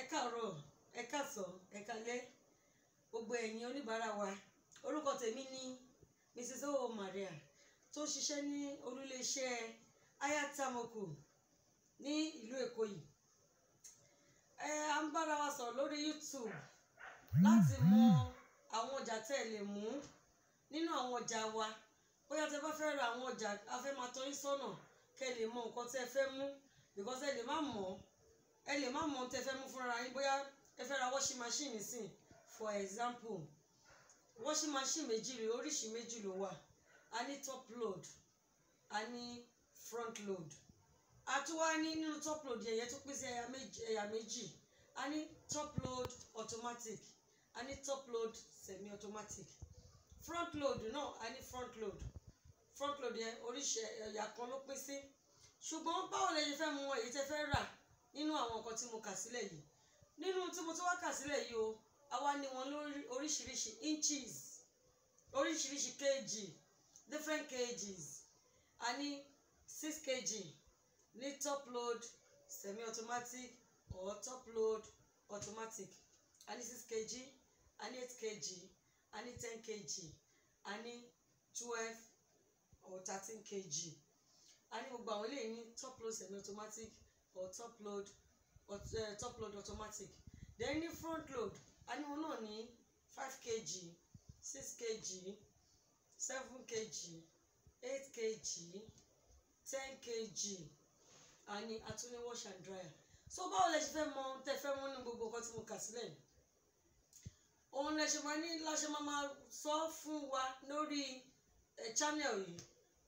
ẹ káàárọ̀ ẹ káàsán ẹ kálẹ́ gbogbo ẹ̀yin oníbàárà wa orúkọ tèmi ni mrs owó maria tó ṣiṣẹ́ ní olúléeṣẹ́ ayatamoku ní ìlú èkó yìí ẹ à ń bára wa sọ̀rọ̀ lórí youtube láti mọ àwọn ọjà tẹ́ ẹ lè mú nínú àwọn ọjà wa bóyá tẹ́ bá fẹ́ ra àwọn ọjà afẹ́ máa tọ́ yín sọ́nà kẹ́ ẹ lè mọ nǹkan tẹ́ ẹ mú because ẹ lè má mọ̀ ọ́ ẹ lè má mọ ohun tẹ́ fẹ́ mú fúnra yín bóyá ẹ fẹ́ ra washing machine nísìn for example washing machine méjì rèé oríṣi méjì ló wà a ní top load a ní front load a tún wá ní nínú top load yẹn yẹn tún pín sí ẹ̀yà méjì a ní top load automatic a ní top load semi automatic front load náà no, a ní front load front load yẹn oríṣi ẹ̀yà kan ló pín sí ṣùgbọ́n báwo lè ṣe fẹ́ mú èyí tẹ́ fẹ́ rà nínú àwọn nǹkan tí mo kà sílẹ̀ yìí nínú tí mo tún wá kà sílẹ̀ yìí o àwa ni wọn lórí oríṣiríṣi inches oríṣiríṣi kg different kgs a six kg ní top load semi-automatic or top load automatic a six kg a eight kg a ten kg a twelve or thirteen kg a ní gbogbo àwọn eléyìí ní top load semi-automatic or top load or uh, eh, top load automatic then the front load a ní wọn náà ní five kg six kg seven kg eight kg ten kg a ní a wash and dryer so báwo lẹ ṣe fẹ́ mọ tẹ fẹ́ mọ nínú gbogbo nǹkan tí mo kà sílẹ̀ yìí òun lẹ ṣe máa ní láṣẹ máa máa sọ fún wa lórí ẹ eh, channel yìí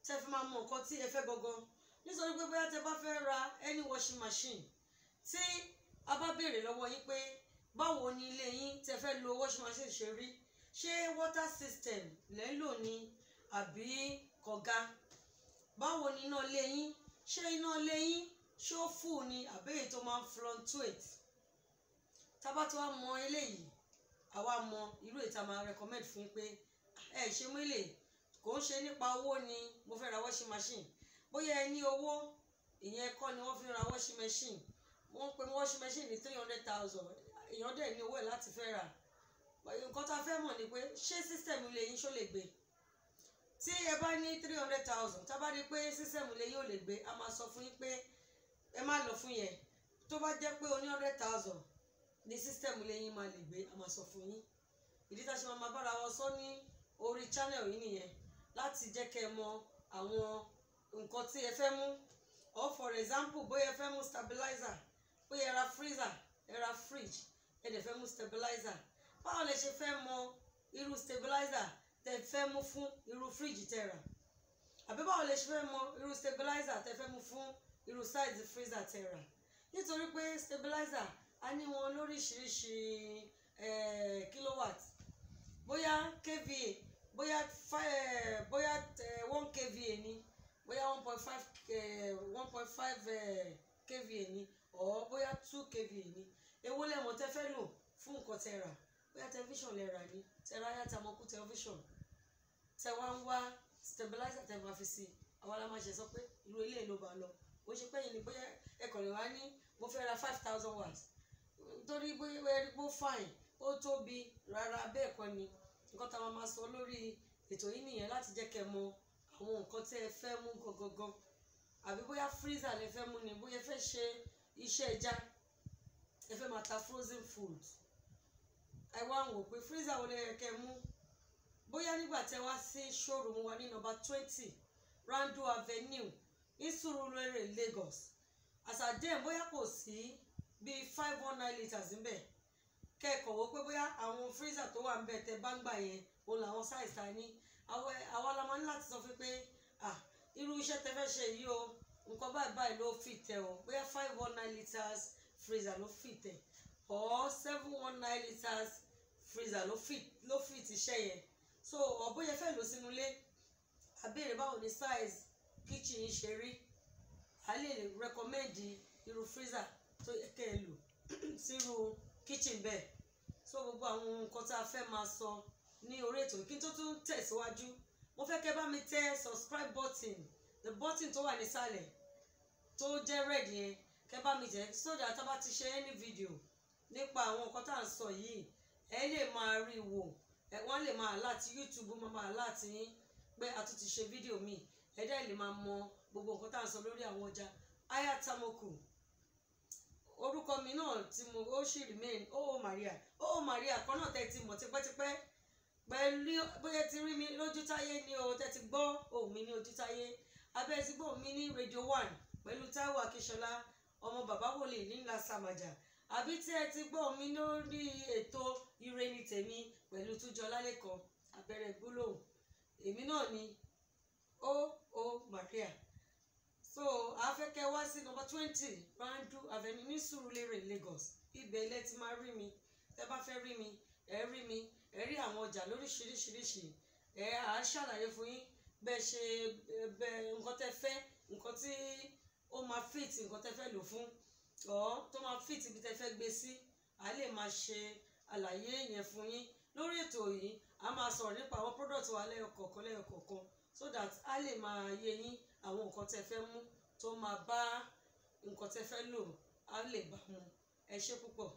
tẹ fi máa mọ nǹkan tí ẹ fẹ́ gangan nítorí pé bóyá tẹ bá fẹ́ ra any washing machine tí a bá béèrè lọ́wọ́ yín pé báwo ni ilé yín tẹ fẹ́ lo washing machine ṣe rí ṣé water system lẹ́ ń lò ní àbí kọ̀ga báwo ni iná ilé yín ṣé iná ilé yín ṣó fù ni àbí èyí tó máa ń fluctuate tábà tó wá mọ eléyìí àwa mọ irú èyí tá a máa recommend fún yín pé ẹ ṣe mú ilé kò ń ṣe nípa owó ni mo fẹ́ ra washing machine bóyá ẹ ní owó ìyẹn kọ́ ni wọ́n fi ra washing machine wọ́n pe washing machine ní three hundred thousand èèyàn dẹ̀ ní owó ẹ̀ láti fẹ́ rà nǹkan tá a fẹ́ mọ̀ ni pé ṣé system ilé yín ṣó lè gbé tí ẹ bá ní three hundred thousand tá a bá rí pé system ilé yín ò lè gbé a máa sọ fún yín pé ẹ má lọ fún yẹn tó bá jẹ́ pé o hundred thousand Ni system ilé yín máa lè gbé a máa sọ fún yín ìdí tá a ṣe máa bára wọn sọ ní orí channel yìí nìyẹn láti jẹ́ kẹ́ ẹ mọ àwọn nǹkan tí ẹ fẹ́ mú or for example bóyá ẹ fẹ́ mú stabilizer bóyá ẹ ra freezer ẹ ra fridge ẹ dẹ̀ fẹ́ mú stabilizer báwo lẹ ṣe fẹ́ mọ irú stabilizer tẹ fẹ́ mú fún irú fridge tẹ rà àbí báwo lẹ ṣe fẹ́ mọ irú stabilizer tẹ fẹ́ mú fún irú size freezer tẹ rà nítorí pé stabilizer a ní wọn lóríṣiríṣi kilowatt bóyá kva bóyá bóyá one kva ni bóyá one point five Eh, one point five eh, kva ni or bóyá two kva ni èwo lẹ mọ̀ tẹ́ fẹ́ lò fún nǹkan tẹ́ rà bóyá tẹlifíṣàn lẹ rà ni tẹ́ rà yàtà mọ́kú tẹlifíṣàn tẹ́ wá ń wá stabilizer tẹ́ máa fi sí àwọn alámáṣe sọ pé irú ilé ló bá lọ ó ṣe pé yìí ni bóyá ẹkọ̀rẹ́ wa ní mo fẹ́ ra five thousand watts torí bóyá ẹrí pé fine ó tóbi rárá bẹ́ẹ̀ kọ́ ni nǹkan tá a máa sọ lórí ètò yìí nìyẹn láti jẹ́ kẹ́ mọ̀ àwọn nǹkan tẹ́ fẹ́ mú gangan àbí bóyá freezer lè fẹ́ mú ni bóyá fẹ́ ṣe iṣẹ́ ẹja ẹ fẹ́ máa ta frozen food ẹ wá ń wò pé freezer wo lè kẹ́ mú bóyá nígbà tẹ wá sí showroom wa ní number twenty Rando Avenue ní Surulere Lagos àsàdéhùn bóyá kò sí bíi five one nine litres níbẹ̀ kẹ́kọ̀ọ́ wò pé bóyá àwọn freezer tó wà níbẹ̀ tẹ bá ń gbà yẹn òun làwọn size ta ní àwa la máa ń láti sọ fún pé ah irú iṣẹ́ tẹ́ fẹ́ ṣe yìí o nǹkan báyìí báyìí ló fi tẹ o bóyá five one nine litres freezer ló fi tẹ or seven one nine litres freezer ló fi ló fi ti ṣe yẹn so ọ̀bóyẹ fẹ́ lò sínú ilé àbẹ̀rẹ̀ báwo ni size kitchen ṣe rí a lè recommend irú freezer tó kẹ́ ẹ lò sírú kitchen bẹ́ẹ̀ so gbogbo àwọn nǹkan tá a fẹ́ máa sọ ní orí ètò kí n tó tún tẹ̀síwájú. So, mo fẹ́ kẹ́ bá mi tẹ subscribe button the button tó wà nísàlẹ̀ tó jẹ́ red yẹn kẹ́ bá mi tẹ so that tá a ti ṣe any video nípa àwọn nǹkan tá à ń sọ yìí ẹ lè máa rí wò ẹ wọ́n lè máa láti youtube máa máa láti yín pé a tún ti ṣe fídíò míì ẹ dẹ́ lè máa mọ gbogbo nǹkan tá à ń sọ lórí àwọn ọjà aya tamoku orúkọ mi náà tí mo ó sì remain oh maria oh maria kan náà tẹ́ ti mọ̀ tipẹ́tipẹ́ pẹ̀lú bóyá ti rí mi lójútáyé ni o tẹ́ ti gbọ́ ohùn mi ní ojútáyé abẹ́ ti gbọ́ mi ní radio one pẹ̀lú Táíwò Akíṣọlá ọmọ bàbá wòlé nílá sàmàjà àbí tí ẹ ti gbọ́ mi lórí ètò ire ni tèmi pẹ̀lú túnjọ lálẹ́kọ̀ọ́ abẹ́rẹ́ gbólóhùn èmi náà ni ó ó Maria so afẹ́kẹ́ wá sí number twenty Randu Avenue ní Sùúrùlérè Lagos ibẹ̀ ilẹ̀ ti máa rí mi tẹ́ bá fẹ́ rí mi ẹ rí mi ẹ rí àwọn ọjà lóríṣiríṣiríṣi ẹ à ń ṣàlàyé fún yín bẹ́ẹ̀ ṣe bẹ́ẹ̀ nǹkan tẹ́ fẹ́ nǹkan tí ó máa fit nǹkan tẹ́ fẹ́ lò fún ọ̀ tó máa fit ibi tẹ́ fẹ́ gbé sí a lè máa ṣe àlàyé yẹn fún yín lórí ètò yìí a máa sọ̀rọ̀ nípa àwọn product wa lẹ́yọkọ̀ọ̀kan lẹ́yọkọ̀ọ̀kan so that a lè máa yé yín àwọn nǹkan tẹ́ fẹ́ mú tó máa bá nǹkan tẹ́ fẹ́ lò á lè bá mu ẹ ṣé púpọ̀.